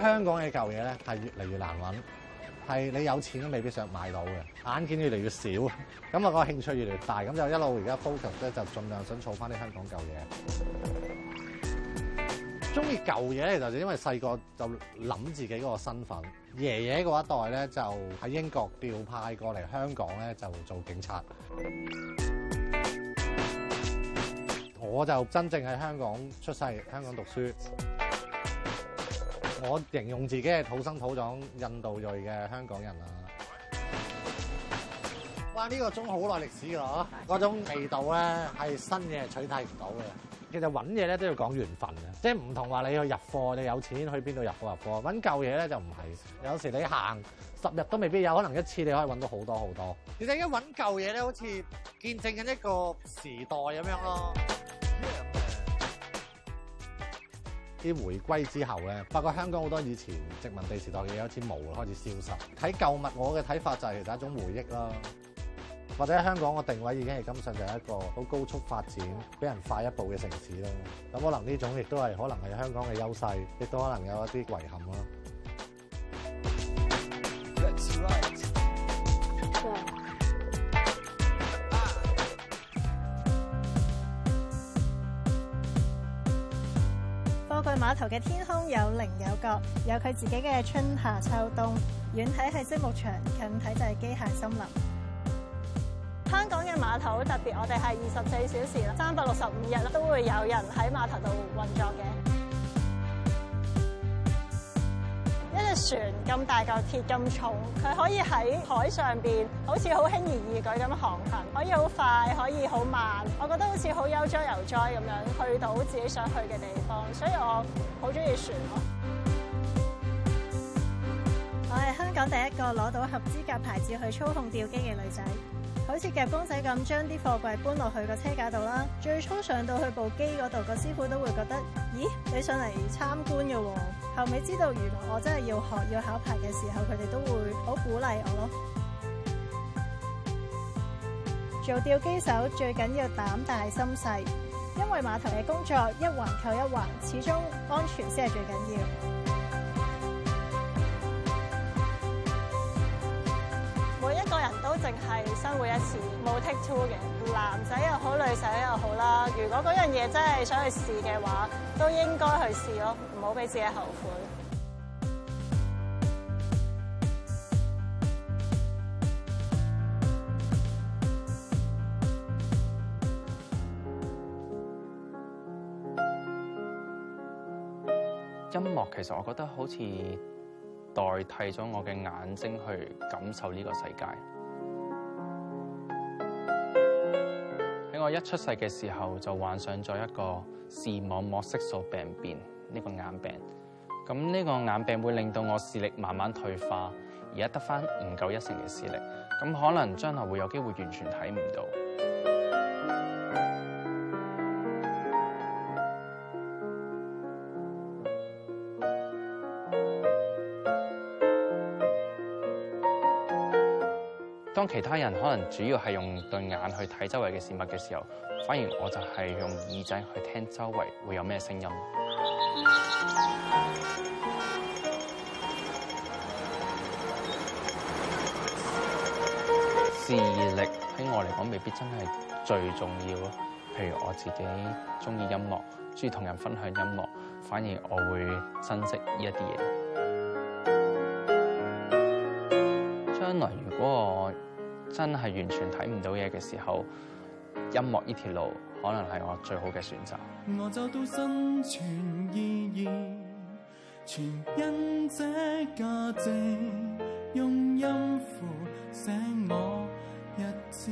香港嘅舊嘢咧，係越嚟越難揾，係你有錢都未必想買到嘅，眼見越嚟越少，咁啊個興趣越嚟越大，咁就一路而家 focus，咧，就盡量想儲翻啲香港舊嘢。中意舊嘢咧就因為細個就諗自己嗰個身份，爺爺嘅一代咧就喺英國調派過嚟香港咧就做警察，我就真正喺香港出世，香港讀書。我形容自己係土生土長印度裔嘅香港人啦。哇！呢個鐘好耐歷史㗎啦，嗰種味道咧係新嘢取代唔到嘅。其實揾嘢咧都要講緣分嘅，即係唔同話你去入貨，你有錢去邊度入貨入貨。揾舊嘢咧就唔係，有時你行十日都未必有可能一次你可以揾到好多好多。其實而家揾舊嘢咧，好似見證緊一個時代咁樣咯。啲回歸之後咧，包括香港好多以前殖民地時代嘅嘢好似冇，開始消失。睇舊物，我嘅睇法就係其實一種回憶咯。或者香港嘅定位已經係今上就係一個好高速發展、俾人快一步嘅城市啦。咁可能呢種亦都係可能係香港嘅優勢，亦都可能有一啲遺憾咯。個碼頭嘅天空有棱有角，有佢自己嘅春夏秋冬。遠睇係積木牆，近睇就係機械森林。香港嘅碼頭特別，我哋係二十四小時啦，三百六十五日啦，都會有人喺碼頭度運作嘅。船咁大嚿鐵咁重，佢可以喺海上邊，好似好輕而易舉咁航行，可以好快，可以好慢，我覺得好似好悠哉游哉咁樣去到自己想去嘅地方，所以我好中意船咯。我係香港第一個攞到合資格牌照去操控吊機嘅女仔。好似夾公仔咁，將啲貨櫃搬落去個車架度啦。最初上到去部機嗰度，個師傅都會覺得：咦，你上嚟參觀㗎喎。後尾知道原來我真係要學要考牌嘅時候，佢哋都會好鼓勵我咯。做吊機手最緊要膽大心細，因為碼頭嘅工作一環扣一環，始終安全先係最緊要。淨係生活一次，冇 take two 嘅。男仔又好，女仔又好啦。如果嗰樣嘢真係想去試嘅話，都應該去試咯，唔好俾自己後悔。音樂其實我覺得好似代替咗我嘅眼睛去感受呢個世界。我一出世嘅時候就患上咗一個視網膜色素病變呢個眼病，咁呢個眼病會令到我視力慢慢退化，而家得翻唔夠一成嘅視力，咁可能將來會有機會完全睇唔到。當其他人可能主要係用對眼去睇周圍嘅事物嘅時候，反而我就係用耳仔去聽周圍會有咩聲音。視力喺我嚟講未必真係最重要咯。譬如我自己中意音樂，中意同人分享音樂，反而我會珍惜呢一啲嘢。將來如果我真係完全睇唔到嘢嘅時候，音樂呢條路可能係我最好嘅選擇。我走到生存意義，全因這價值，用音符寫我一次。